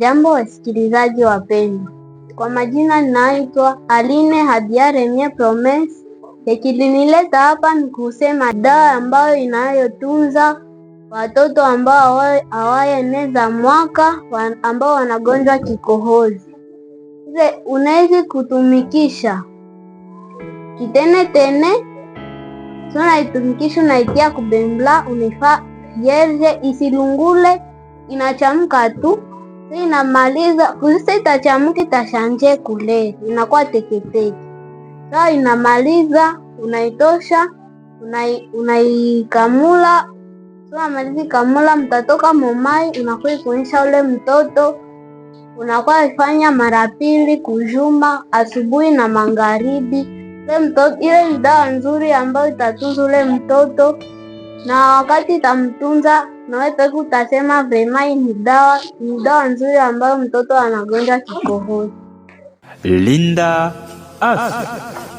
Jambo wasikilizaji wapendwa, kwa majina ninaitwa Aline hadiaremie Promes. Yakilinileta hapa ni kusema dawa ambayo inayotunza watoto ambao hawayeneza mwaka ambao wanagonjwa kikohozi. Unaweza kutumikisha kitenetene, naitumikisha unaitia kubembla, unaifaa yerje isilungule, inachamka tu inamaliza kulisa itachamki itashanje kule inakuwa teketeke. Saa inamaliza unaitosha unaikamula una samalizi kamula, mtatoka momai unakuwa kuisha ule mtoto unakuwa ifanya mara pili kujuma asubuhi na magharibi, ile mtoto ile dawa nzuri ambayo itatunza ule mtoto na wakati utamtunza nawe peke utasema ni dawa ni dawa nzuri ambayo mtoto anagonjwa kikohozi. Linda afya.